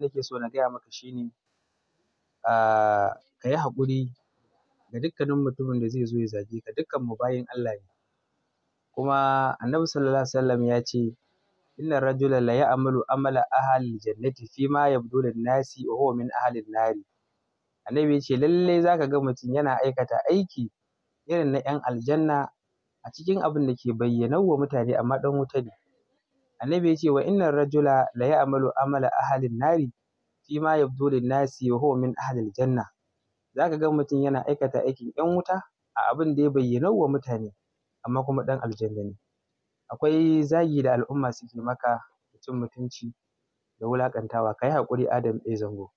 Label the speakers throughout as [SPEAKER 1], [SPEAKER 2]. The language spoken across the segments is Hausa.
[SPEAKER 1] nake so na gaya maka shi ne, ka yi haƙuri ga dukkanin mutumin da zai zo ya zage ka dukkan mu bayin Allah ne kuma annabi sallallahu alaihi wasallam ya ce inna rajula la ya'malu amala ahli jannati fi ma yabdu lin nasi wa huwa min ahli nari annabi ya ce lalle zaka ga mutum yana aikata aiki irin na 'yan aljanna a cikin abin da ke bayyana wa mutane amma ɗan wuta ne Annabi ya ce wa innan rajula la ya'malu amala ahalin nari fi ma yabdu lin nasi wa huwa min ahalil janna. Zaka ga mutum yana aikata aikin 'yan wuta a abin da ya bayyana wa mutane amma kuma ɗan aljanna ne. Akwai zagi da al'umma suke maka da cin mutunci da wulakantawa kai yi haƙuri Adam ɗaya eh, Zango.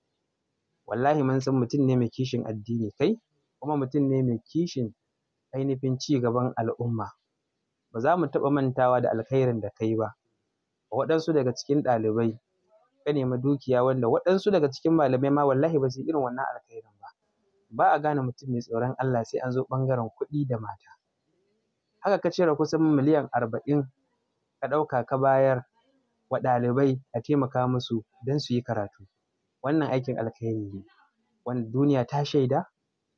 [SPEAKER 1] Wallahi mun san mutum ne mai kishin addini kai kuma mutum ne mai kishin ainihin ci gaban al'umma. Ba za mu taɓa mantawa da alkhairin da kai ba. waɗansu daga cikin ɗalibai ka nemi dukiya wanda waɗansu daga cikin malamai ma wallahi ba su irin wannan alkhairin ba ba a gane mutum mai tsoron Allah sai an zo ɓangaren kuɗi da mata haka ka cire kusan miliyan arba'in ka ɗauka ka bayar wa ɗalibai a taimaka musu don su yi karatu wannan aikin alkhairi ne wanda duniya ta shaida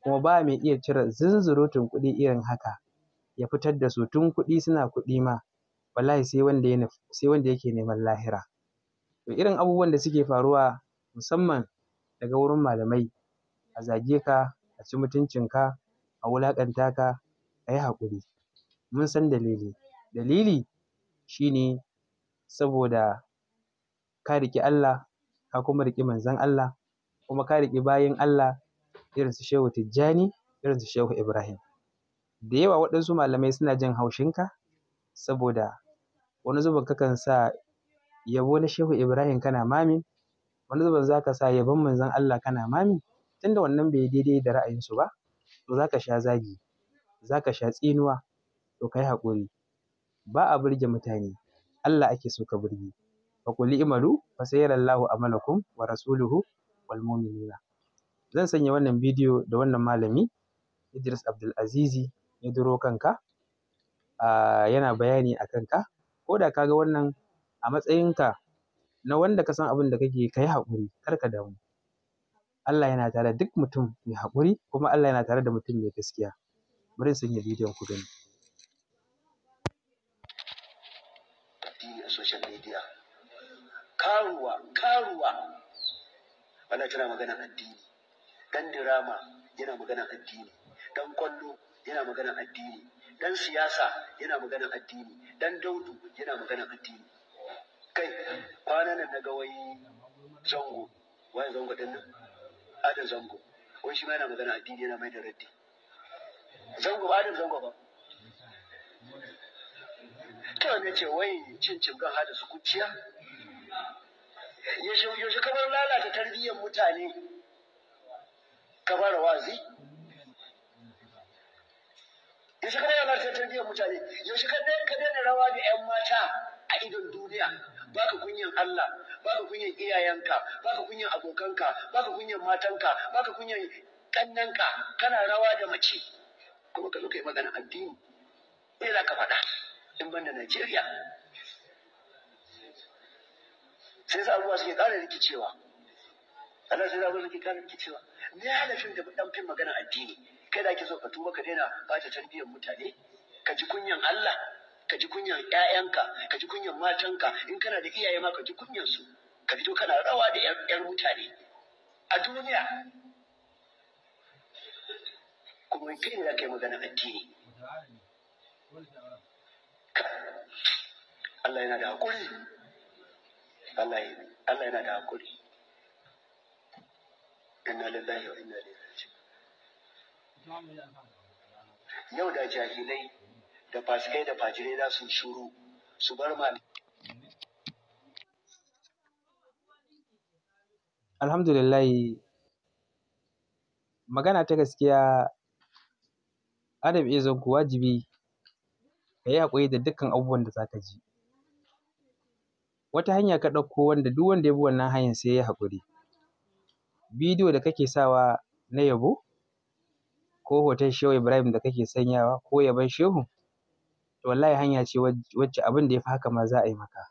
[SPEAKER 1] kuma ba mai iya cire zunzurutun kuɗi irin haka ya fitar da su tun kuɗi suna kuɗi ma wallahi sai wanda ya sai wanda yake neman lahira to irin abubuwan da suke faruwa musamman daga wurin malamai a zage ka a ci mutuncin ka, a wulaƙanta ka a yi haƙuri mun san dalili dalili shine saboda ka riƙi Allah ka kuma riƙi manzon Allah kuma ka riƙi bayin Allah irin su Shehu Tijjani irin su Shehu Ibrahim da yawa waɗansu malamai suna jin haushinka saboda wani zubin kakan sa yabo na Shehu Ibrahim kana mami, wani zubin za ka sa yabon manzon Allah kana mami, tunda wannan bai daidai da ra'ayinsu ba, to za ka sha zagi, za ka sha tsinuwa, to kai hakuri haƙuri. Ba a burge mutane, Allah ake so ka burge. Faƙuli imalu, fasayarallahu amalakum wa rasuluhu wal mu'minina. Zan sanya wannan bidiyo da wannan malami, Idris Abdul Azizi, ya duro kanka, yana bayani a kanka, ko da ka ga wannan a matsayinka na wanda ka san abin da kake ka yi haƙuri kar ka damu Allah yana tare duk mutum mai haƙuri kuma Allah yana tare da mutum mai gaskiya bari in yi bidiyon ku gani
[SPEAKER 2] social media karuwa karuwa wannan tana magana addini dan dirama yana magana addini dan kwallo yana magana addini dan siyasa yana magana addini dan daudu yana magana addini kai kwana nan na ga wai zango wani zango din nan adam zango wai shi ma yana magana addini yana mai da raddi zango ba adam zango ba to ne ce wai cin gan hada su kuciya yaushe kamar lalata tarbiyyar mutane kamar wazi yaushe ka daina ta tarbiyyar mutane yaushe ka daina ka daina rawa da yan mata a idon duniya Ba ka kunyan Allah ba ka kunyan iyayenka ba ka kunyan abokanka ba ka kunyan matanka ba ka kunyan kannanka kana rawa da mace kuma ka zo yi magana addini me za ka faɗa in banda Najeriya sai sa abubuwa suke ƙara rikicewa Allah sai abubuwa suke ƙara rikicewa me halafin da ɗan fin magana addini kai da ake so ka tuba ka daina bata tarbiyyar mutane ka ji kunyan Allah ka ji kunyan ƴaƴanka ka ji kunyan matanka in kana da iyaye ma ka ji kunyan su ka fito kana rawa da ƴan mutane a duniya kuma kai ne za ka yi magana addini Allah yana da hakuri Allah yana da hakuri inna lillahi wa inna ilaihi Yau da jahilai da fasikai da fajirai za su shuru su bar mali.
[SPEAKER 1] Alhamdulillahi magana ta gaskiya Adam izon ku wajibi ka yi haƙuri da dukkan abubuwan da za ka ji. Wata hanya ka ɗauko wanda duk wanda ya bi wannan hanyar sai ya yi haƙuri. Bidiyo da kake sawa na yabo ko hoton Shehu Ibrahim da kake sanyawa ko yaban Shehu wallahi hanya ce wacce abin da ya fi haka ma za a yi maka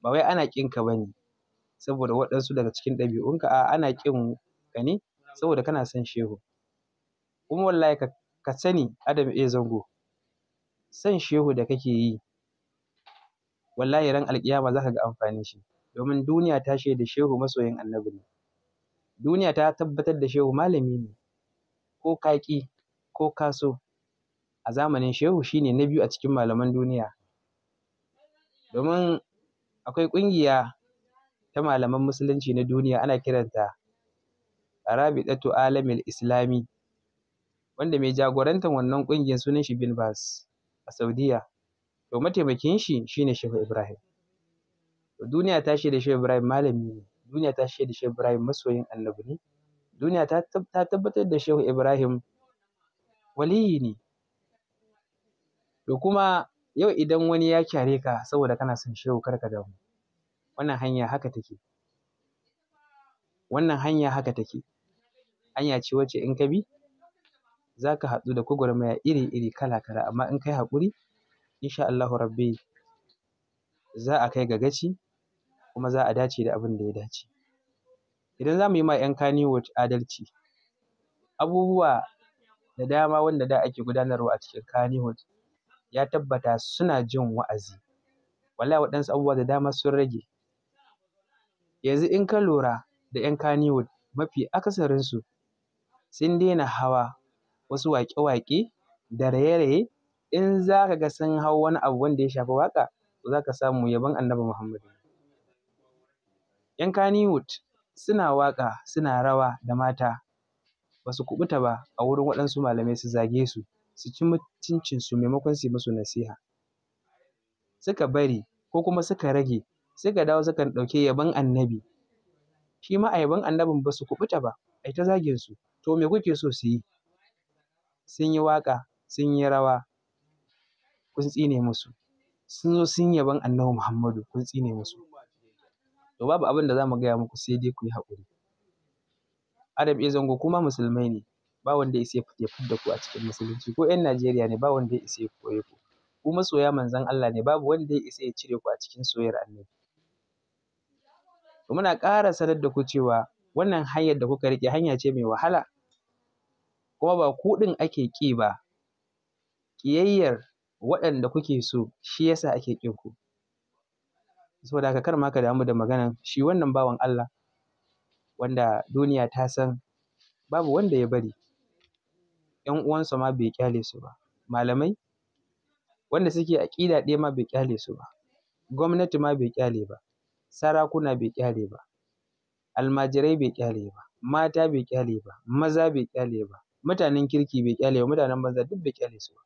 [SPEAKER 1] ba wai ana ƙin ka bane saboda waɗansu daga cikin ɗabi'unka a ana ƙin ka ne saboda kana son Shehu kuma wallahi ka, sani Adam A Zango son Shehu da kake yi wallahi ran alƙiyama za ka ga amfani shi domin duniya ta shaida Shehu masoyin annabi ne duniya ta tabbatar da Shehu malami ne ko kaƙi ko ka so. A zamanin Shehu shi ne na biyu a cikin malaman duniya. Domin akwai ƙungiya ta malaman musulunci na duniya ana kiranta Rabi'atu Alamil Islami wanda mai jagorantar wannan ƙungiyar sunan shi bin Bas a Saudiya. To mataimakin shi shine Shehu Ibrahim. Duniya ta shaida Shehu Ibrahim malami ne, duniya ta shaida Shehu Ibrahim masoyin annabi ne. Duniya ta tabbatar da Shehu Ibrahim waliyi ne. To kuma yau idan wani ya kyare ka saboda kana son Shehu kar ka damu. Wannan hanya haka take. Wannan hanya haka take. Hanya ce wacce in ka bi za ka haɗu da gwagwarmaya iri-iri kala-kala amma in kai haƙuri insha Allahu rabbi za a kai ga gaci kuma za a dace da abin da ya dace. idan za mu yi ma 'yan Kannywood adalci, abubuwa da dama wanda da ake gudanarwa a cikin Kannywood ya tabbata suna jin wa'azi. Wallahi waɗansu abubuwa da dama sun rage. Yanzu in ka lura da 'yan Kannywood mafi akasarinsu sun daina hawa wasu waƙe-waƙe da raye-raye in za ka ga sun hau wani abu wanda ya shafi waƙa to za ka samu yabon Annabi Muhammad. 'Yan Kannywood suna waƙa suna rawa da mata ba su kuɓuta ba a wurin waɗansu malamai su zage su su ci mutuncinsu maimakon su yi musu nasiha suka bari ko kuma suka rage ka dawo suka ɗauki yabon annabi shi ma a yabon annabin ba su kuɓuta ba a yi ta zagin su to me kuke so su yi sun yi waƙa sun yi rawa kun tsine musu sun zo sun yabon annabi muhammadu kun tsine musu To babu abin da za mu gaya muku sai dai ku yi haƙuri. Adam ya Zango kuma musulmai ne, ba wanda ya isa ya fidda ku a cikin musulunci, ko 'yan Najeriya ne ba wanda ya isa ya koye ku. Ku masoya manzon Allah ne, babu wanda ya isa ya cire ku a cikin soyayyar Annabi. To muna ƙara sanar da ku cewa wannan hanyar da kuka riƙe hanya ce mai wahala, kuma ba ku ɗin ake ƙi ba, ƙiyayyar waɗanda kuke so shi yasa ake ƙin ku. saboda haka kar ma ka damu da maganan shi wannan bawan Allah wanda duniya ta san babu wanda ya bari ‘yan uwansa ma bai kyale su ba malamai wanda suke aƙida ɗaya ma bai kyale su ba gwamnati ma bai kyale ba sarakuna bai kyale ba almajirai bai kyale ba mata bai kyale ba maza bai kyale ba mutanen kirki bai kyale ba mutanen banza duk bai kyale su ba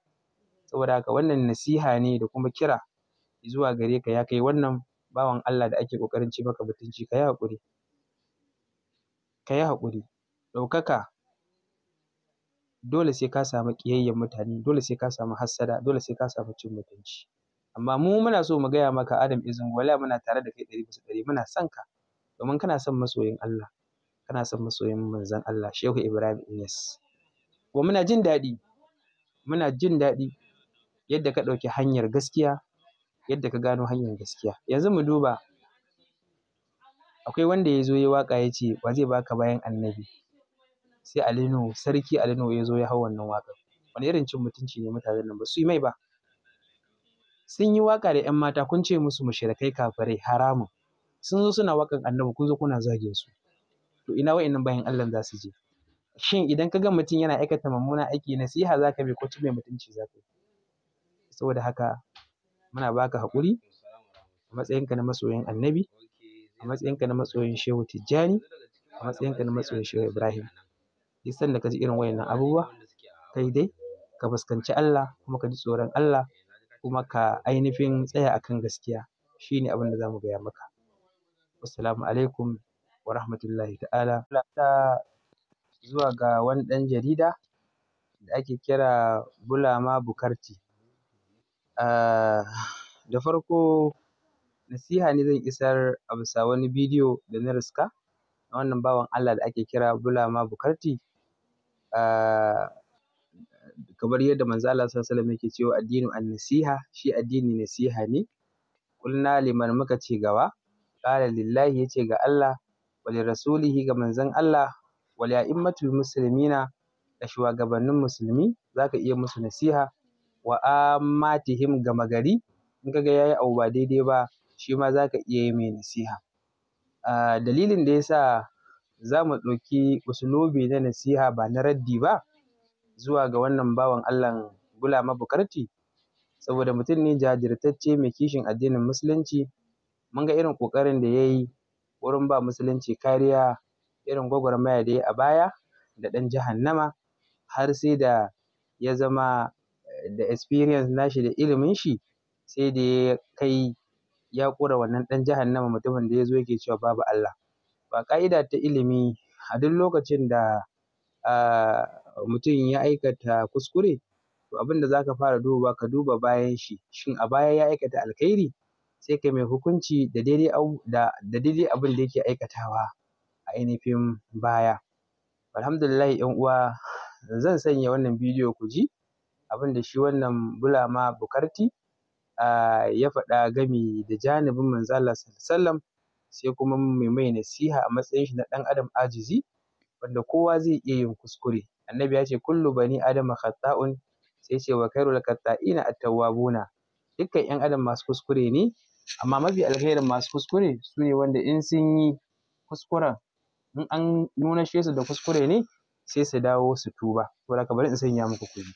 [SPEAKER 1] saboda haka wannan nasiha ne da kuma kira zuwa gare ka ya kai wannan bawan Allah da ake ƙoƙarin ci maka mutunci ka yi haƙuri ka yi haƙuri ɗaukaka dole sai ka samu ƙiyayyen mutane dole sai ka samu hassada dole sai ka samu cin mutunci amma mu muna so mu gaya maka Adam izin wala muna tare da kai ɗari bisa ɗari muna son ka domin kana son masoyin Allah kana son masoyin manzon Allah Shehu Ibrahim Inyas kuma muna jin daɗi muna jin daɗi yadda ka ɗauki hanyar gaskiya yadda ka gano hanyar gaskiya. Yanzu mu duba akwai wanda ya zo ya yi waƙa ya ce wa zai baka bayan annabi. Sai Ali sarki Ali ya zo ya hau wannan waƙar. Wane irin cin mutunci ne mutanen nan ba su yi mai ba. Sun yi waƙa da ‘yan mata kun ce musu mushrikai kafirai haramun. Sun zo suna waƙan annabi kun zo kuna zagin su. To ina wa'innan bayan Allah za su je. Shin idan ka ga mutum yana aikata mummuna aiki nasiha za ka bi ko cin mai mutunci za yi. Saboda haka muna baka haƙuri a matsayinka na masoyin annabi, a matsayinka na masoyin Shehu Tijjani, a matsayinka na masoyin Shehu Ibrahim. Duk sanda ka ji irin wayannan abubuwa, kai dai ka fuskanci Allah kuma ka ji tsoron Allah kuma ka ainihin tsaya akan gaskiya. shine ne abin da za gaya maka. assalamu alaikum wa rahmatullahi ta'ala. zuwa ga wani ɗan jarida da ake kira Bulama Bukarti. Ah, da farko nasiha ne zan isar a bisa wani bidiyo da na riska na wannan bawan Allah da ake kira Bulama Bukarti. Ah, kamar yadda manzo Allah sallallahu alaihi yake cewa addinu an-nasiha shi addini nasiha ne. Kulna liman muka ce gawa qala lillahi yace ga Allah wa rasulihi ga manzon Allah wa la'immatul muslimina da shugabannin musulmi zaka iya musu nasiha wa ammatihim gama gari in kaga yayi abu ba daidai ba shi ma zaka iya yi mai nasiha a dalilin da yasa za mu ɗauki usulubi na nasiha ba na raddi ba zuwa ga wannan bawan Allah Gulama Bukarti saboda mutum ne jajirtacce mai kishin addinin musulunci mun ga irin ƙoƙarin da ya yi wurin ba musulunci kariya irin gwagwarmaya da ya a baya da ɗan jahannama har sai da ya zama da experience shi da ilimin shi sai da ya kai ya kura wannan ɗan jahannama mutumin da ya zo yake cewa babu Allah. Ba ƙa'ida ta ilimi a duk lokacin da mutum ya aikata kuskure to abin da za ka fara duba ka duba bayan shi shin a baya ya aikata alkhairi sai ka mai hukunci da daidai abin da yake aikatawa a ainihin baya. Alhamdulillah ‘yan uwa zan sanya wannan bidiyo ku ji abin da shi wannan bulama bukarti ya faɗa gami da janibin manzo Allah sallallahu sai kuma mai mai nasiha a matsayin shi na ɗan adam ajizi wanda kowa zai iya yin kuskure annabi ya ce kullu bani adama khata'un sai ce wa khairul khata'ina at-tawwabuna dukkan yan adam masu kuskure ne amma mafi alkhairin masu kuskure su ne wanda in sun yi kuskuren in an nuna shi su da kuskure ne sai su dawo su tuba to bari in sanya muku kuɗi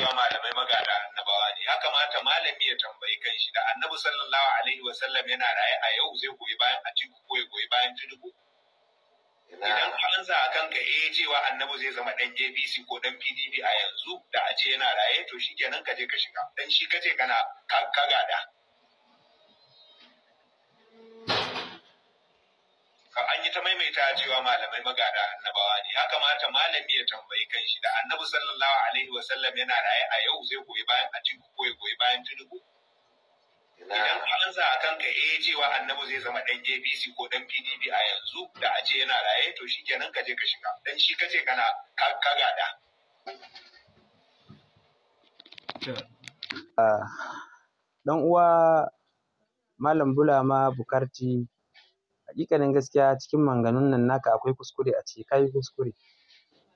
[SPEAKER 1] cewa
[SPEAKER 2] malamai magada annabawa ne ya kamata malami ya tambayi kan shi da annabi sallallahu alaihi wa sallam yana raye a yau zai goyi bayan a cikin ko ya goyi bayan tudubu idan an sa ka eh cewa annabi zai zama dan JBC ko dan PDP a yanzu da a ce yana raye to shikenan ka je ka shiga dan shi kace kana ka gada an yi ta maimaita cewa malamai magada annabawa ne ya kamata malami ya tambayi kan shi da annabi sallallahu alaihi wa sallam yana raye a yau zai goyi bayan atiku ko ya goyi bayan tinubu idan an sa kan ka eh cewa annabi zai zama dan APC ko dan PDP a yanzu da a ce yana raye to shikenan ka je ka shiga dan shi kace kana ka gada
[SPEAKER 1] ah, dan uwa malam bulama bukarti Hakikanin gaskiya cikin manganun nan naka akwai kuskure a ciki, kayi kuskure.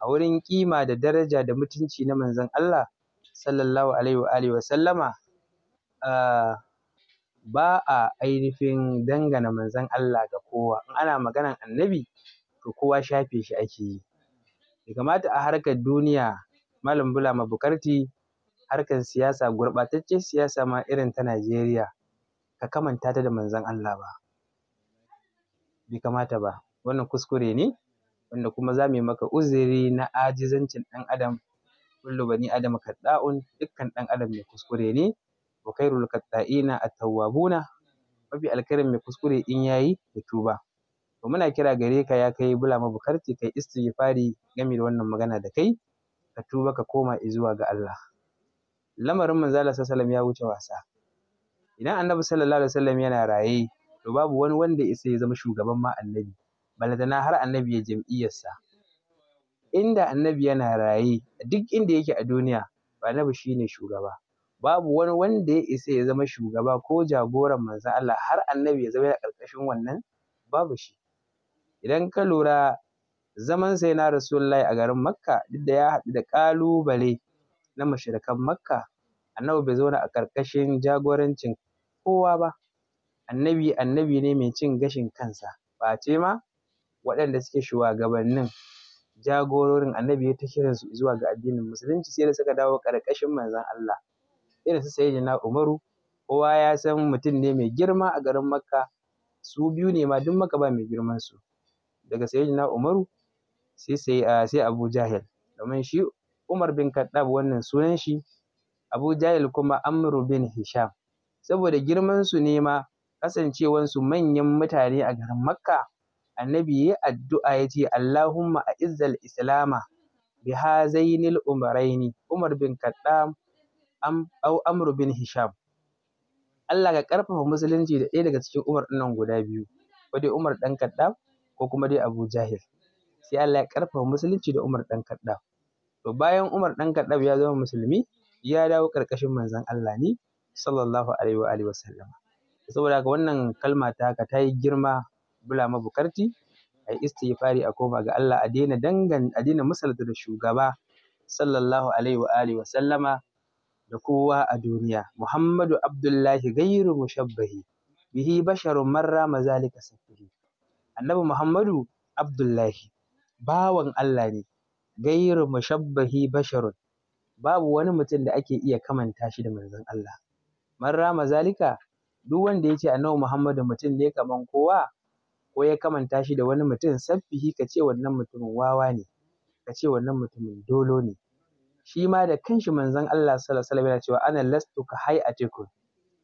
[SPEAKER 1] A wurin ƙima da daraja da mutunci na manzon Allah sallallahu alaihi wa alihi wa sallama ba a ainihin dangana manzon Allah ga kowa. In ana maganan annabi to kowa shafe shi ake yi. Bai kamata a harkar duniya Malam ma Bukarti harkar siyasa gurɓatacciyar siyasa ma irin ta Najeriya ka kamanta ta da manzon Allah ba. bai kamata ba wannan kuskure ne wanda kuma za mu yi maka uziri na ajizancin ɗan adam kullu bani adam kadda'un dukkan ɗan adam mai kuskure ne wa khairul a at-tawwabuna mafi alkhairin mai kuskure in yayi ya tuba to muna kira gare ka ya kai bula bulama bukarti kai istighfari game da wannan magana da kai ka tuba ka koma zuwa ga Allah lamarin manzo Allah sallallahu alaihi wasallam ya wuce wasa idan annabi sallallahu alaihi wasallam yana raye to babu wani wanda isa ya zama shugaban ma annabi balantana har annabi ya jam'iyyarsa inda annabi yana raye duk inda yake a duniya ba annabi shine shugaba babu wani wanda ya isa ya zama shugaba ko jagoran manzo Allah har annabi ya zama a ƙarƙashin wannan babu shi idan ka lura zaman sai na rasulullahi a garin makka duk da ya haɗu da ƙalubale na mashirikan makka annabi bai zauna a ƙarƙashin jagorancin kowa ba annabi annabi ne mai cin gashin kansa face ma waɗanda suke shugabannin jagororin annabi ya ta kiransu zuwa ga addinin musulunci sai da suka dawo ƙarƙashin manzon Allah irin su sayyidina Umaru kowa ya san mutum ne mai girma a garin Makka su biyu ne ma duk Makka ba mai girman su daga sayyidina Umaru sai sai ah, sai Abu Jahil domin shi Umar bin Khattab wannan sunan shi Abu Jahil kuma Amr bin Hisham saboda girman su ne ma kasancewansu manyan mutane a garin Makka, Annabi ya addu'a ya ce, Allahumma a izzal Islama bi hazainil umaraini, Umar bin Kaddam am, au Amr bin Hisham. Allah ka karfafa musulunci da ɗaya daga cikin Umar nan guda biyu, ko dai Umar ɗan Kaddam ko kuma dai Abu Jahil. Sai Allah ya karfafa musulunci da Umar ɗan Kaddam. To bayan Umar ɗan Kaddam ya zama musulmi, ya dawo ƙarƙashin manzon Allah ne, sallallahu alaihi wa alihi wa saboda haka wannan kalma ta haka ta yi girma bula bukarti a yi istighfari a koma ga Allah a daina dangan a daina misalta da shugaba sallallahu alaihi wa alihi wa sallama da kowa a duniya Muhammadu Abdullahi gairu mushabbahi bihi basharun marra mazalika safihi Annabi Muhammadu Abdullahi bawan Allah ne gairu mushabbahi basharun babu wani mutum da ake iya kamanta shi da manzon Allah marra mazalika duk wanda ya ce annabi Muhammadu mutum ne kaman kowa ko ya kamanta shi da wani mutum sabbihi ka ce wannan mutumin wawa ne ka ce wannan mutumin dolo ne shi ma da kanshi manzon Allah sallallahu alaihi yana cewa ana lastu ka hay'atikum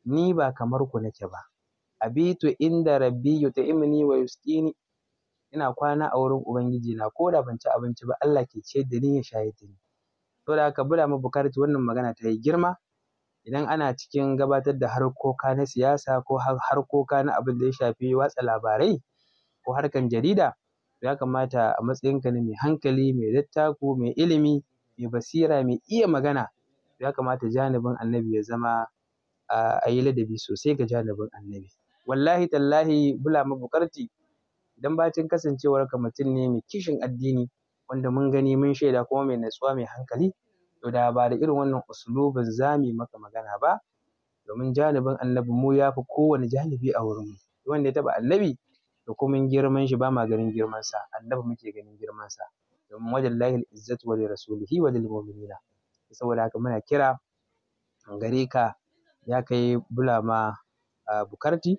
[SPEAKER 1] ni ba kamar ku nake ba abitu inda rabbi yut'imni wa yusqini ina kwana a wurin ubangiji na ko da ban ci abinci ba Allah ke ce da ni ya shayar da ni saboda haka bula mu wannan magana ta yi girma idan ana cikin gabatar da harkoka na siyasa ko harkoka na abin da ya shafi watsa labarai ko harkan jarida ya kamata a matsayinka na mai hankali mai dattako mai ilimi mai basira mai iya magana ya kamata janibin annabi ya zama a yi ladabi sosai ga janabin annabi wallahi tallahi bula mabukarti idan bacin kasancewar ka mutum ne mai kishin addini wanda mun gani mun shaida kuma mai natsuwa mai hankali To da ba da irin wannan oslo za mu yi maka magana ba, domin janibin annabi mu ya fi kowane janibi a wurin mu Wanda ya taɓa annabi, to kuma girman shi ba ma ganin girmansa, annabi muke ganin girmansa. Domin wajen lahil izzatu wa rasulihi wa lil mu'minina. Saboda haka muna kira gare ka ya kai bulama bukarti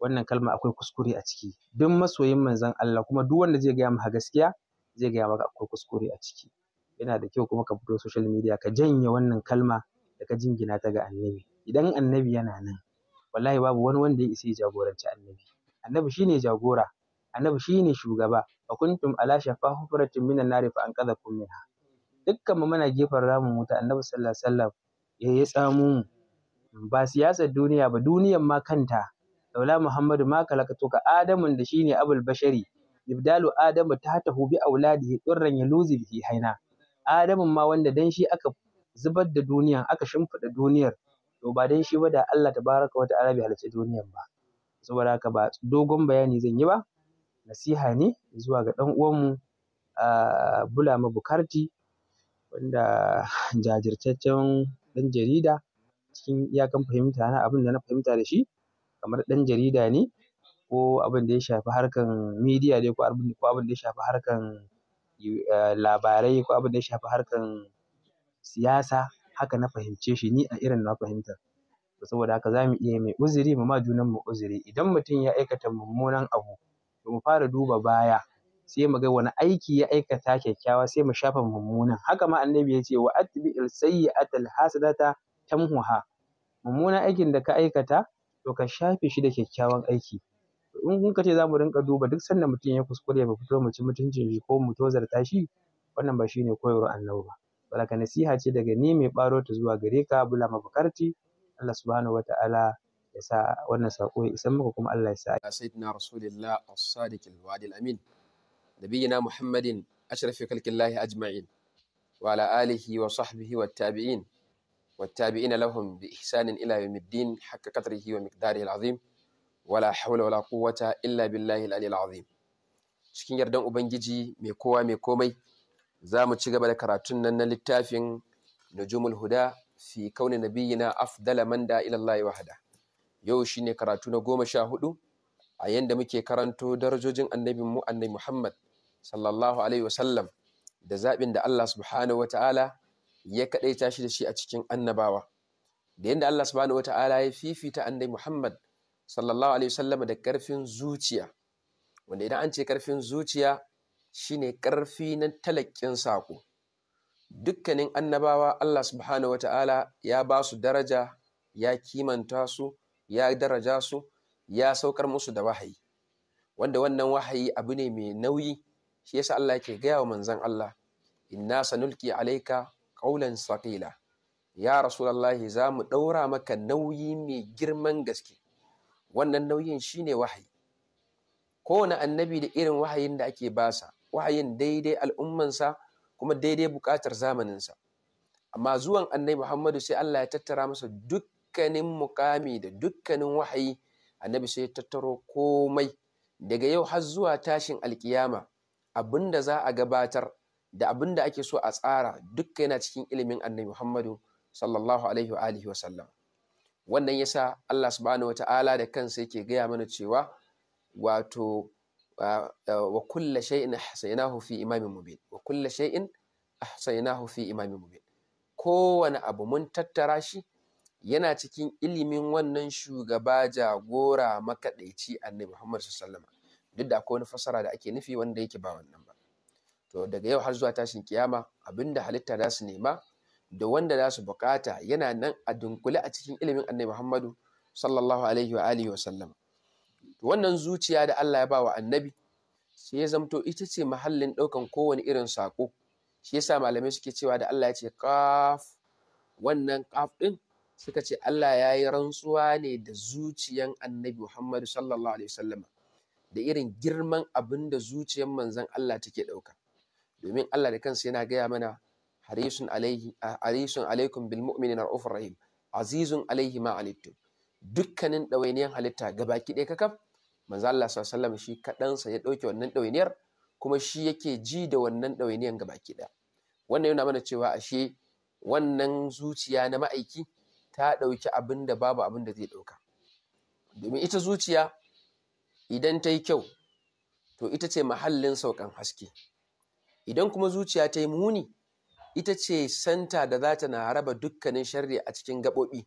[SPEAKER 1] wannan kalma akwai kuskure a ciki. Duk masoyin manzon Allah kuma duk wanda zai gaya maka gaskiya zai gaya maka akwai kuskure a ciki. yana da kyau kuma ka fito social media ka janye wannan kalma da ka jingina ta ga annabi idan annabi yana nan wallahi babu wani wanda ya isa ya jagoranci annabi annabi shine jagora annabi shine shugaba fa kuntum ala shafa hufratin minan nari fa anqadhakum minha dukkan mu muna gefen ramin wuta annabi sallallahu alaihi wasallam ya tsamu ba siyasar duniya ba duniyar ma kanta laula muhammadu ma kalakato ka adamun da shine abul bashari ibdalu adamu ta tahu bi auladihi qurran yaluzi bihi haina Adamu ma wanda dan shi aka zubar da duniya aka shimfiɗa duniyar to ba dan shi ba da Allah tabaraka wa ta'ala bai halicci duniyar ba saboda haka ba dogon bayani zan yi ba nasiha ne zuwa ga ɗan uwanmu a ah, Bulama Bukarti wanda jajirtaccen ɗan jarida cikin iyakan fahimta na abin da na fahimta da shi kamar ɗan jarida ne ko abin da ya shafi harkan midiya dai ko abin da ya shafi harkan Eh, labarai ko abin da ya shafi harkan siyasa haka na fahimce shi ni a irin na fahimtar. Saboda haka za mu iya mai uzuri mu ma mu uzuri. Idan mutum ya aikata mummunan abu to mu fara duba baya sai mu ga wani aiki ya aikata kyakkyawa sai mu shafa mummunan. Haka ma annabi ya ce wa atbi'is sayyi'atal hasanata tamhuha. Mummunan aikin da ka aikata to ka shafe shi da kyakkyawan aiki. in kun kace za mu rinka duba duk sanda mutum ya kuskure mu fito mu ci mutuncin shi ko mu tozarta shi wannan ba shine koyarwar annabi ba balaka nasiha ce daga ni mai baro ta zuwa gare ka bula mabukarti Allah subhanahu wa ta'ala ya sa wannan sako ya isa muku kuma Allah ya sa
[SPEAKER 3] sayyidina rasulillah as-sadiq al-wa'd al-amin nabiyina muhammadin ashrafi kalkillahi ajma'in wa ala alihi wa sahbihi wa tabi'in والتابعين لهم بإحسان إلى يوم الدين حق قدره ومقداره العظيم wala haula wala quwwata illa billahi al-ali azim cikin yardan ubangiji mai kowa mai komai za mu ci gaba da karatun nan na littafin nujumul huda fi kauni nabiyina afdala man da ila Allah wahda yau shine karatu na goma sha hudu a yanda muke karanto darajojin annabin mu annabi Muhammad sallallahu alaihi wasallam da zabin da Allah subhanahu wataala ya kadaita shi da shi a cikin annabawa da yanda Allah subhanahu wataala ya fifita annabi Muhammad sallallahu alaihi wasallam da karfin zuciya wanda idan an ce karfin zuciya shine karfi na talakin sako dukkanin annabawa Allah subhanahu wata'ala ya ba su daraja ya kimanta su ya daraja su ya saukar musu da wahayi wanda wannan wahayi abu ne mai nauyi shi yasa Allah yake gaya wa manzon Allah inna sanulki alayka qawlan saqila ya rasulullahi za mu daura maka nauyi mai girman gaske wannan nauyin shine wahayi kowane annabi da irin wahayin da ake basa wahayin daidai al'ummansa kuma daidai buƙatar zamaninsa amma zuwan annabi muhammadu sai allah ya tattara masa dukkanin mukami da dukkanin wahayi annabi sai ya tattaro komai daga yau har zuwa tashin alkiyama abinda za a gabatar da abinda ake so a tsara duka yana cikin ilimin annabi muhammadu sallallahu alaihi wa alihi wa sallam wannan yasa Allah subhanahu wata'ala da kansa yake gaya mana cewa wato wa kulla shay'in ahsaynahu fi imamin mubin wa kulla shay'in ahsaynahu fi imamin mubin kowane abu mun tattara shi yana cikin ilimin wannan shugaba jagora makaɗaici annabi Muhammad sallallahu alaihi duk da akwai wani fasara da ake nufi wanda yake ba wannan ba to daga yau har zuwa tashin kiyama abinda halitta za su nema da wanda za su bukata yana nan a dunkule a cikin ilimin annabi Muhammadu sallallahu alaihi wa alihi wa sallam wannan zuciya da Allah ya ba wa annabi sai ya zamto ita ce mahallin ɗaukan kowane irin sako shi yasa malamai suke cewa da Allah ya ce kaf wannan kaf ɗin suka ce Allah ya yi rantsuwa ne da zuciyan annabi Muhammadu sallallahu alaihi wa sallam da irin girman abinda da zuciyan manzon Allah take ɗauka domin Allah da kansa yana gaya mana harisun alaihi harisun alaikum bil mu'minina raufur rahim azizun alaihi ma alittum dukkanin ɗawainiyar halitta gabaki ɗaya kakaf manzo Allah sallallahu shi kaɗansa ya ɗauke wannan ɗawainiyar kuma shi yake ji da wannan ɗawainiyar gabaki ɗaya wannan yana mana cewa ashe wannan zuciya na ma'aiki ta ɗauki abinda babu abin da zai ɗauka domin ita zuciya idan ta yi kyau to ita ce mahallin saukan haske idan kuma zuciya ta yi muni ita ce santa da za ta na raba dukkanin sharri a cikin gaɓoɓi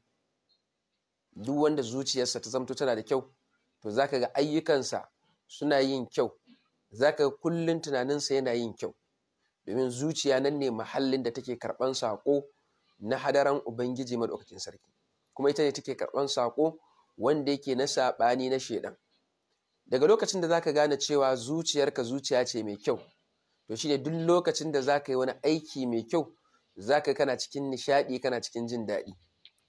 [SPEAKER 3] duk wanda zuciyarsa ta zamto tana da kyau to za ka ga ayyukansa suna yin kyau Za ka ga kullum tunaninsa yana yin kyau domin zuciya nan ne mahallin da take karɓan saƙo na hadaran ubangiji maɗaukakin sarki kuma ita ne take karɓan saƙo wanda yake na saɓani na shaidan. daga lokacin da za ka gane cewa zuciyarka zuciya ce mai kyau to shi ne duk lokacin da za ka yi wani aiki mai kyau za ka kana cikin nishaɗi kana cikin jin daɗi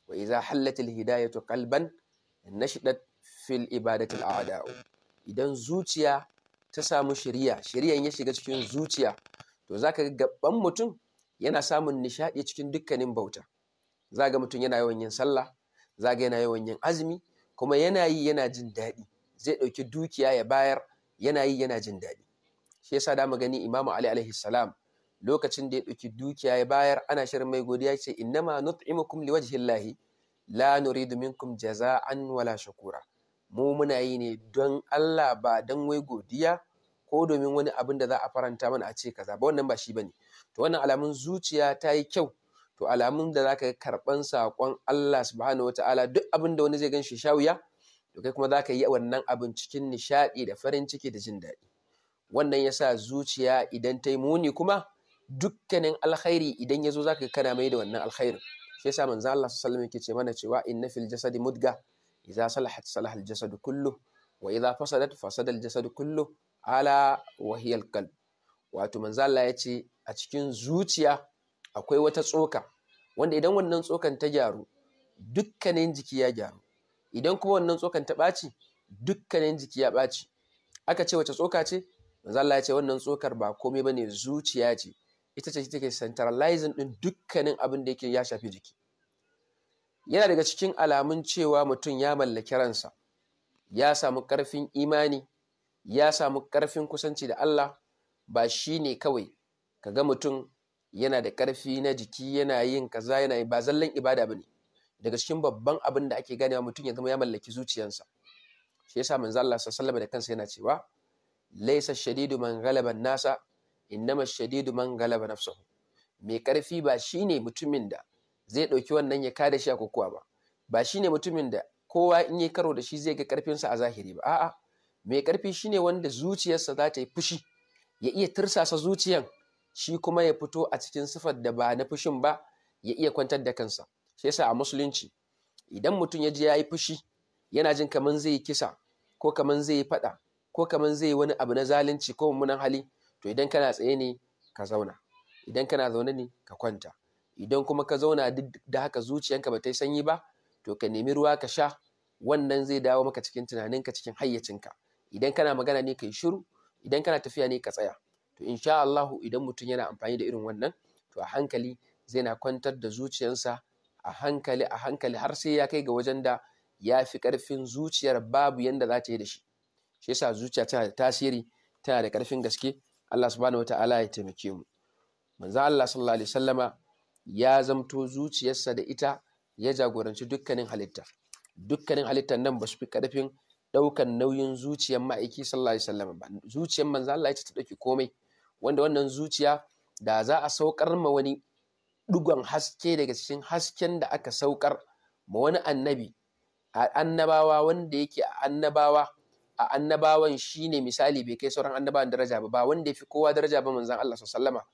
[SPEAKER 3] wa iza hallatil hidayatu qalban nashidat fil al a'da idan zuciya ta samu shiriya shiriyan ya shiga cikin zuciya to za ka ga gaban mutum yana samun nishaɗi cikin dukkanin bauta Za ga mutum yana yawan yin sallah za ga yana yawan yin azumi kuma yana yi yana jin daɗi zai ɗauki dukiya ya bayar yana yi yana jin daɗi shi yasa da mu gani imamu ali alaihi salam lokacin da ya ɗauki dukiya ya bayar ana shirin mai godiya ce innama nut'imukum liwajhillahi la nuridu minkum jaza'an wala shakura mu muna yi ne don Allah ba don wai godiya ko domin wani abin da za a faranta mana a ce kaza ba wannan ba shi bane to wannan alamun zuciya ta yi kyau to alamun da zaka karban saƙon Allah subhanahu wataala duk abin da wani zai gan shi shawiya to kai kuma zaka yi wannan abin cikin nishaɗi da farin ciki da jin daɗi wannan yasa zuciya idan ta yi muni kuma dukkanin alkhairi idan ya zo za ka kana mai da wannan alkhairin shi yasa manzo Allah sallallahu alaihi ce mana cewa inna fil jasadi mudga idza salahat salaha al jasadu kullu wa idza fasadat fasada al jasadu kullu ala wa hiya al qalb wato manzo Allah ya ce a cikin zuciya akwai wata tsoka wanda idan wannan tsokan ta gyaru dukkanin jiki ya gyaru idan kuma wannan tsokan ta ɓaci dukkanin jiki ya ɓaci aka ce wace tsoka ce manzo Allah ya ce wannan tsokar ba komai bane zuciya ce ita ce take centralizing din dukkanin abin da yake ya shafi jiki yana daga cikin alamun cewa mutum ya mallaki ransa ya samu karfin imani ya samu karfin kusanci da Allah ba shi ne kawai ka ga mutum yana da karfi na jiki yana yin kaza yana ba zallan ibada bane daga cikin babban abin da ake ganewa mutum ya zama ya mallaki zuciyarsa shi yasa manzo Allah sallallahu alaihi wasallam da kansa yana cewa laisa shadidu man galaba nasa innama shadidu man galaba nafsahu mai karfi ba shine mutumin da zai dauki wannan ya kada shi a kokowa ba ba shine mutumin da kowa in yi karo da shi zai ga karfinsa a zahiri ba a'a mai karfi shine wanda zuciyarsa za ta yi fushi ya iya tirsasa zuciyan shi kuma ya fito a cikin sifar da ba na fushin ba ya iya kwantar da kansa shi yasa a musulunci idan mutum ya ji ya yi fushi yana jin kaman zai yi kisa ko kaman zai yi faɗa ko kamar zai yi wani abu na zalunci ko mummunan hali to idan kana tsaye ne ka zauna idan kana zaune ne ka kwanta idan kuma ka zauna duk da haka zuciyanka ba ta yi sanyi ba to ka nemi ruwa ka sha wannan zai dawo maka cikin tunaninka cikin hayyacinka idan kana magana ne ka yi shiru idan kana tafiya ne ka tsaya to insha Allahu idan mutum yana amfani da irin wannan to a hankali zai na kwantar da zuciyarsa a hankali a hankali har sai ya kai ga wajen da ya fi ƙarfin zuciyar babu yanda za ta yi da shi shi yasa zuciya tana da tasiri tana da karfin gaske Allah subhanahu wataala ya taimake mu manzo Allah sallallahu alaihi wasallama ya zamto zuciyarsa da ita ya jagoranci dukkanin halitta dukkanin halittar nan ba su fi karfin ɗaukan nauyin zuciyar ma'aiki sallallahu alaihi wasallama ba zuciyar manzo Allah ita ta ɗauki komai wanda wannan zuciya da za a saukar ma wani ɗigon haske daga cikin hasken da aka saukar ma wani annabi a annabawa wanda yake a annabawa a annabawan shi ne misali bai kai sauran annabawan daraja ba ba wanda ya fi kowa daraja ba manzan Allah sallama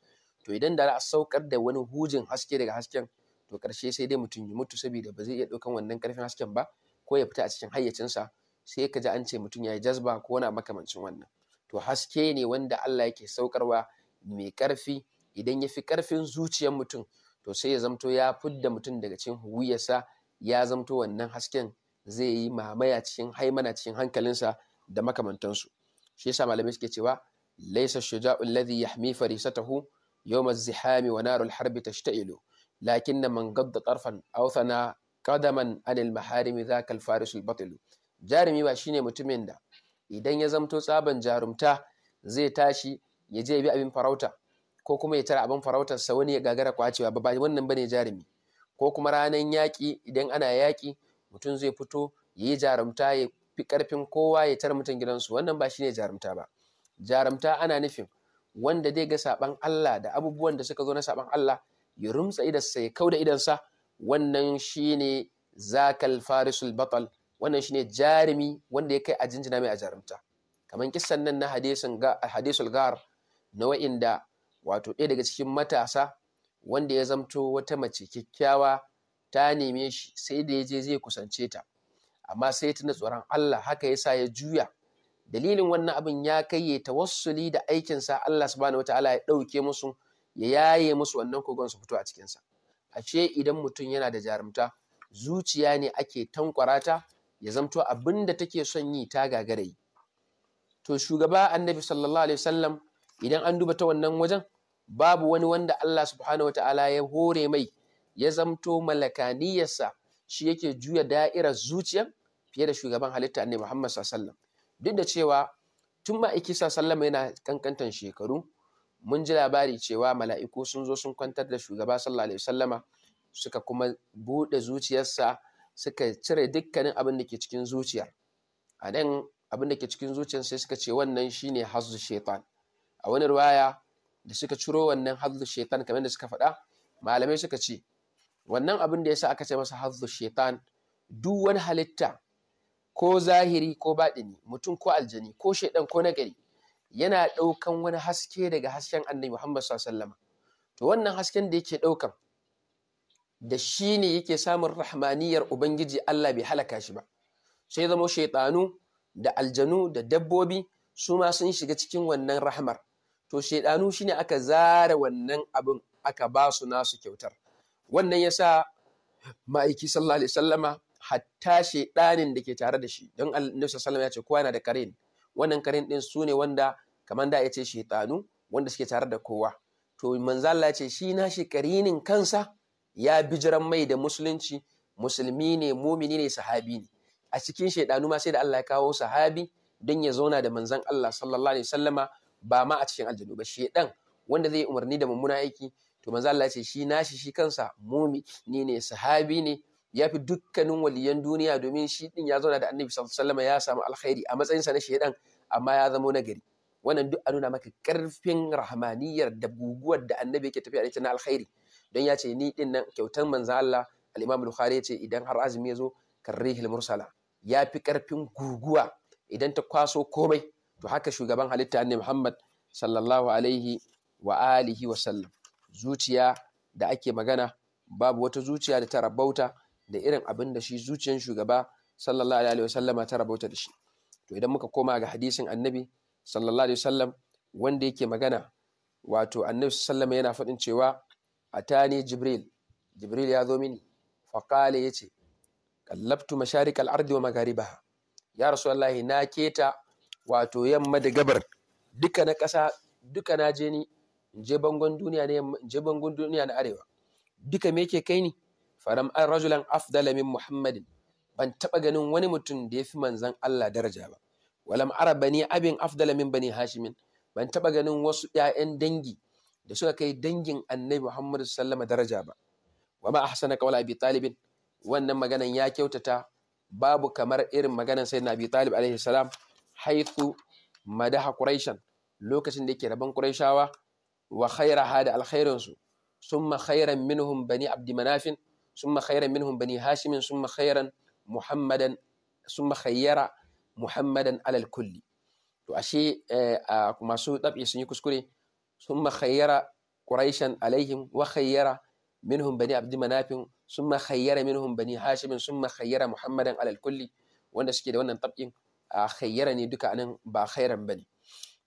[SPEAKER 3] to idan da a saukar da wani hujin haske daga hasken to karshe sai dai mutum ya mutu saboda ba zai iya ɗaukan wannan karfin hasken ba ko ya fita a cikin hayyacinsa sai ka ji an ce mutum ya yi jazba ko wani makamancin wannan to haske ne wanda Allah yake saukarwa mai karfi idan ya fi karfin zuciyar mutum to sai ya zamto ya fidda mutum daga cikin huwiyarsa ya zamto wannan hasken zai yi mamaya cikin haimana cikin hankalinsa da makamantansu shi yasa malamai suke cewa laysa shuja'u alladhi yahmi farisatahu yawm az-zihami wa narul harbi tashtailu lakin man gadda tarfan aw thana qadaman anil maharimi dhaka al-faris al-batil jarumi ba shine mutumin da idan ya zamto tsaban jarumta zai tashi ya je bi abin farauta ko kuma ya tara abin farautar sa wani ya gagara kwacewa ba wannan bane jarumi ko kuma ranan yaki idan ana yaki mutum zai fito yayi jarumta ya fi ƙarfin kowa ya tara mutan gidansu wannan ba shine jarumta ba jarumta ana nufin wanda zai ga saban Allah da abubuwan da suka zo na saɓan Allah ya rumtsa idansa ya kauda idansa wannan shine zakal farisul batal wannan shine jarumi wanda ya kai a jinjina mai a jarumta kamar kissan nan na hadisin hadisul gar na wa'inda wato ɗaya daga cikin matasa wanda ya zamto wata mace kyakkyawa ta neme shi sai da ya je zai kusance ta amma sai tuna tsoron Allah haka yasa ya juya dalilin wannan abin ya kai ya tawassuli da aikinsa Allah subhanahu wataala ya ɗauke musu ya yaye musu wannan kogon su fito a cikinsa ce idan mutum yana da jarumta zuciya ne ake tankwarata ya zamto abin da take son yi ta yi to shugaba annabi sallallahu alaihi wasallam idan an duba ta wannan wajen babu wani wanda Allah subhanahu wataala ya hore mai ya zamto malakaniyarsa shi yake juya da'irar zuciyar fiye da shugaban halitta annabi Muhammad sallallahu duk da cewa tun iki sallallahu yana kankantan shekaru mun ji labari cewa mala'iku sun zo sun kwantar da shugaba sallallahu alaihi wasallama suka kuma buɗe zuciyarsa suka cire dukkanin abin da ke cikin zuciyar a nan abin da ke cikin zuciyar sai suka ce wannan shine hazzu shaitan a wani ruwaya da suka ciro wannan hazzu shaitan kamar da suka faɗa malamai suka ce wannan abin da yasa aka ce masa hazu shaitan duk wani halitta ko zahiri ko baɗini mutum ko aljani ko shaidan ko nagari yana ɗaukan wani haske daga hasken annabi Muhammad sallallahu to wannan hasken da yake ɗaukan da shi ne yake samun rahmaniyar ubangiji Allah bai halaka shi ba sai zama shaidanu da aljanu da dabbobi su ma sun shiga cikin wannan rahmar to shaidanu shine aka zara wannan abin aka ba su nasu kyautar wannan yasa ma'aiki sallallahu alaihi sallama hatta shedanin da ke tare da shi don alnusa salama ya ce kowa yana da karin wannan karin ɗin su ne wanda kamar da ya ce shaitanu wanda suke tare da kowa to manzala ya ce shi na shi karinin kansa ya bi jiran mai da musulunci musulmi ne mumini ne sahabi ne a cikin shaidanu ma sai da Allah ya kawo sahabi don ya zauna da manzan Allah sallallahu alaihi wasallama ba ma a cikin aljanu ba shaidan wanda zai umarni da mummuna aiki to manzala Allah ya ce shi nashi shi kansa mumini ne sahabi ne ya fi dukkanin waliyan duniya domin shi din ya zauna da annabi sallallahu ya samu alkhairi a matsayin sa na shedan amma ya zamo nagari wannan duk a nuna maka karfin rahmaniyar da guguwar da annabi yake tafiya da ita na alkhairi don ya ce ni din nan kyautan manzo Allah al-Imam Bukhari ya ce idan har azumi ya zo karrihil mursala ya fi karfin guguwa idan ta kwaso komai to haka shugaban halitta annabi Muhammad sallallahu alaihi wa alihi wa sallam zuciya da ake magana babu wata zuciya da ta rabauta da irin abin da shi zuciyar shugaba sallallahu alaihi wasallama ta rabauta da shi to idan muka koma ga hadisin annabi sallallahu alaihi wasallam wanda yake magana wato annabi sallama yana fadin cewa atani jibril jibril ya zo mini faqala yace kallabtu masharik al-ardi wa magharibaha ya rasulullahi na keta wato yamma da gabar duka na kasa duka na je ni je bangon duniya ne je bangon duniya na arewa duka me yake kai ni faram an rajulan afdala min muhammadin ban taɓa ganin wani mutum da ya fi manzan Allah daraja ba walam ara bani abin afdala min bani hashimin ban taɓa ganin wasu ‘ya'yan dangi da suka kai dangin annabi Muhammadu sallama daraja ba wa ma ahsana qawla abi talibin wannan maganan ya kyautata babu kamar irin maganan sayyidina abi talib alaihi salam haythu madaha quraishan lokacin da yake rabon quraishawa wa khairaha hada alkhairin su summa khairan minhum bani abdi manafin ثم خيرا منهم بني هاشم ثم خيرا محمدا ثم خير محمدا على الكل to ashe masu ɗabi sun yi kuskure sun makhayyara ƙuraishan alaihim wa khayyara minhum bani abdi manafin sun makhayyara minhum bani hashimin sun makhayyara muhammadan alal kulli wanda suke da wannan tab'in a khayyara ne duka nan ba khairan bane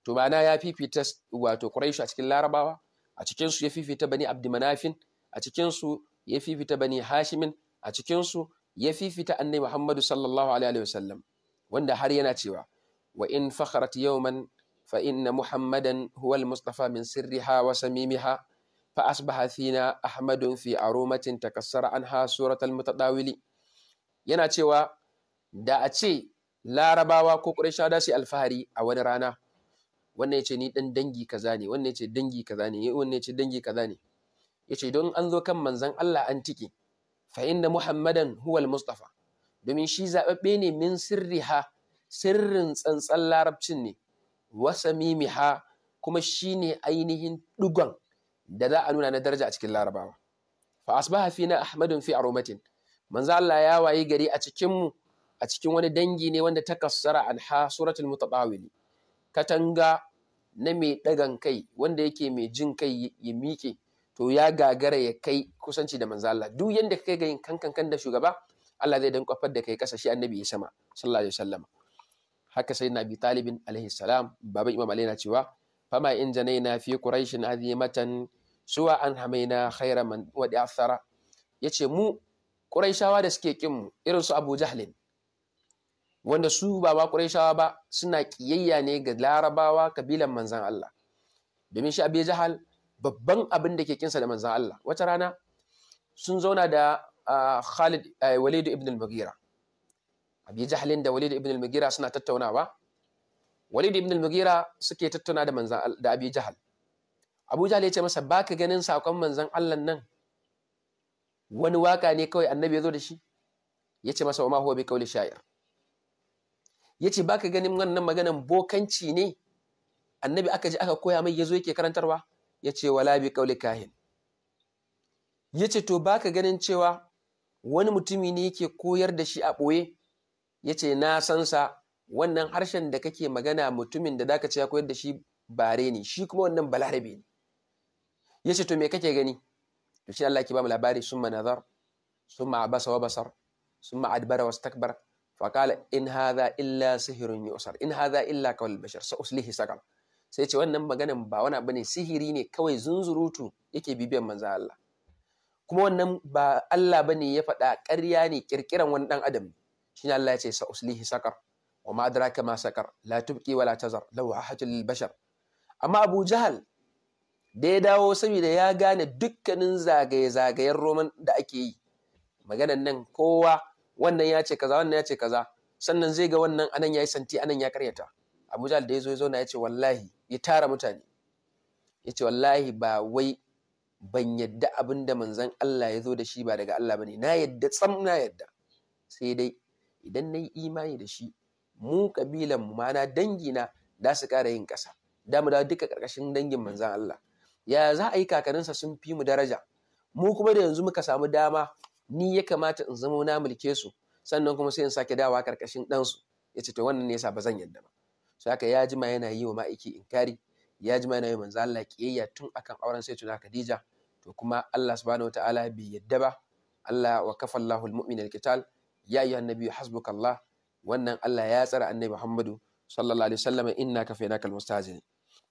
[SPEAKER 3] to ma'ana ya fifita wato quraishu a cikin larabawa a cikin su ya fifita bani abdi manafin a cikin su ya fifita bani hashimin a cikinsu ya fifita annabi muhammadu sallallahu alaihi wasallam wanda har yana cewa wa in fakharat yawman fa inna muhammadan huwa al-mustafa min sirriha wa samimiha fa asbaha fina ahmadun fi arumatin takassara anha suratal mutadawili yana cewa da a ce larabawa ko ƙuraysha da su alfahari a wani rana wannan ya ce ni dan dangi kaza ne wannan ya ce dangi kaza ne wannan ya ce dangi kaza ne yace don an zo kan manzon Allah an tike fa inna muhammadan huwal mustafa domin shi zababbe ne min sirriha sirrin tsantsan larabcin ne wasa mimiha kuma shine ainihin dugon da za a nuna na daraja a cikin larabawa fa asbaha na ahmadun fi aromatin manzo Allah ya wayi gari a cikin mu a cikin wani dangi ne wanda ta kassara anha suratul mutatawili katanga na mai dagan kai wanda yake mai jin kai ya miƙe to ya gagara ya kai kusanci da manzo Allah duk yanda kai ga yin kankan kan da shugaba Allah zai dan kwafar da kai kasa shi annabi ya sama sallallahu alaihi wasallam haka sai nabi talibin alaihi salam baban imam ali na cewa fama in janaina fi quraish azimatan suwa an hamaina khaira man di athara yace mu quraishawa da suke kin mu irin su abu jahlin wanda su ba ma quraishawa ba suna kiyayya ne ga larabawa kabilan manzan Allah domin shi abu jahal babban abin da ke kinsa da manzan Allah wata rana sun zauna da Khalid Walid ibn al-Mughira Abi Jahlin da Walid ibn al-Mughira suna tattaunawa Walid ibn al-Mughira suke tattauna da manzan da Abi Jahl Abu Jahl ya ce masa baka ganin sakon manzan Allah nan wani waka ne kawai annabi ya zo da shi ya ce masa wa ma huwa bi qawli sha'ir ya ce baka ganin wannan maganan bokanci ne annabi aka je aka koya mai ya zo yake karantarwa ya ce wala bi kauli kahin ya ce to ka ganin cewa wani mutumi ne yake koyar da shi a ɓoye ya ce na sansa wannan harshen da kake magana mutumin da zaka ce ya koyar da shi bare ne shi kuma wannan balarabe ne ya ce to me kake gani to shi Allah ke ba mu labari summa nazar ma abasa wa basar summa adbara wa stakbar fa in haza illa sihrun yusar in haza illa kawal bashar sa uslihi sakal sai ce wannan maganin ba wani abu ne sihiri ne kawai zunzurutu yake bibiyan manzan Allah kuma wannan ba Allah bane ya faɗa ƙarya ne ƙirƙiran wani ɗan adam shine Allah ya ce sa uslihi sakar wa ma adraka ma sakar la tubqi wa la tazar lawahatul bashar amma Abu Jahal da ya dawo saboda ya gane dukkanin zagaye-zagayen roman da ake yi maganan nan kowa wannan ya ce kaza wannan ya ce kaza sannan zai ga wannan anan ya yi santi anan ya karyata abu jahal da ya zo ya zauna ya ce wallahi ya tara mutane ya ce wallahi ba wai ban yadda abin da manzan Allah ya zo da shi ba daga Allah ba ne na yadda tsam na yadda sai dai idan na yi imani da shi mu kabilan mu mana dangina da su ƙara yin ƙasa da mu da duka karkashin dangin manzan Allah ya za a yi kakaninsa sun fi mu daraja mu kuma da yanzu muka samu dama ni ya kamata in zama na mulke su sannan kuma sai in sake dawa ƙarƙashin ɗansu ya ce to wannan ne yasa ba zan yadda ba so haka ya jima yana yi wa ma'aiki inkari ya jima yana yi manzo Allah kiyayya tun akan auren sai tuna Khadija to kuma Allah subhanahu wataala bai yadda ba Allah wa kafa Allahu almu'mina alqital ya ayyuhan nabiyyu hasbukallah wannan Allah ya tsara annabi Muhammadu sallallahu alaihi wasallam inna kafaynaka almustahzin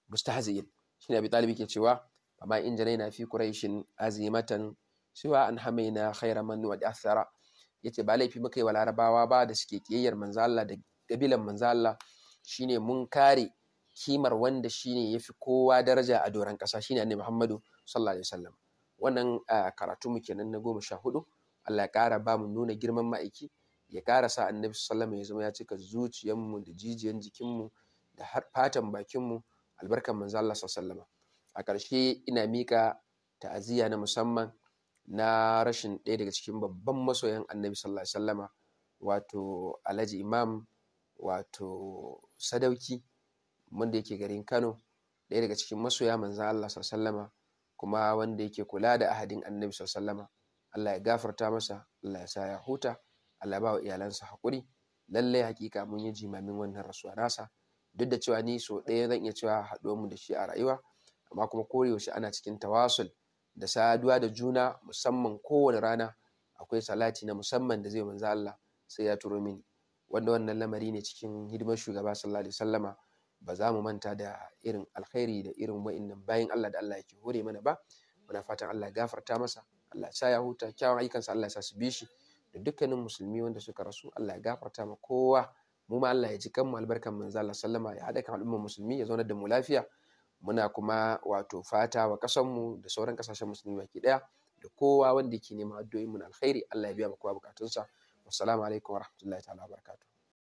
[SPEAKER 3] mustahzin shine abi talibi ke cewa amma in na fi quraishin azimatan cewa an hamaina khairan man wa athara yace ba laifi muka yi wa larabawa ba da suke kiyayyar manzo Allah da kabilan manzo Allah shine mun kare kimar wanda shine fi kowa daraja a doron ƙasa shine annabi Muhammadu sallallahu alaihi wasallam wannan karatu mu kenan na goma sha hudu Allah ya kara ba mu nuna girman ma'aiki ya kara sa annabi sallallahu alaihi wasallam ya zama ya cika zuciyarmu da jijiyan jikinmu da har fatan bakinmu albarkan manzo Allah sallallahu alaihi wasallam a ƙarshe ina mika ta'aziyya na musamman na rashin ɗaya daga cikin babban masoyan annabi sallallahu alaihi wasallama wato alhaji imam wato sadauki wanda yake garin kano ɗaya daga cikin masoya manzan allah sallama kuma wanda yake kula da ahadin annabi sallama allah ya gafarta masa allah ya sa ya huta allah ba wa iyalansa haƙuri lallai hakika mun yi jimamin wannan rasuwa nasa duk da cewa ni so ɗaya zan iya cewa haɗuwar mu da shi a rayuwa amma kuma koyaushe ana cikin tawasul da saduwa da juna musamman kowane rana akwai salati na musamman da zai manza Allah sai ya turo mini wanda wannan lamari ne cikin hidimar shugaba sallallahu alaihi wasallama ba za mu manta da irin alkhairi da irin wa'innan bayan Allah da Allah yake hore mana ba muna fatan Allah gafarta masa Allah sa ya huta kyawun ayyukansa Allah ya sa su bi shi da dukkanin musulmi wanda suka rasu Allah ya gafarta ma kowa mu ma Allah ya ji kanmu albarkan manzo Allah sallama ya hada kan al'ummar musulmi ya zauna da mu lafiya muna kuma wato fata wa kasanmu da sauran kasashen musulmi baki daya da kowa wanda ke neman addu'o'in mu alkhairi Allah ya biya ma kowa bukatunsa Wassalamu alaikum warahmatullahi ta'ala wabarakatuh.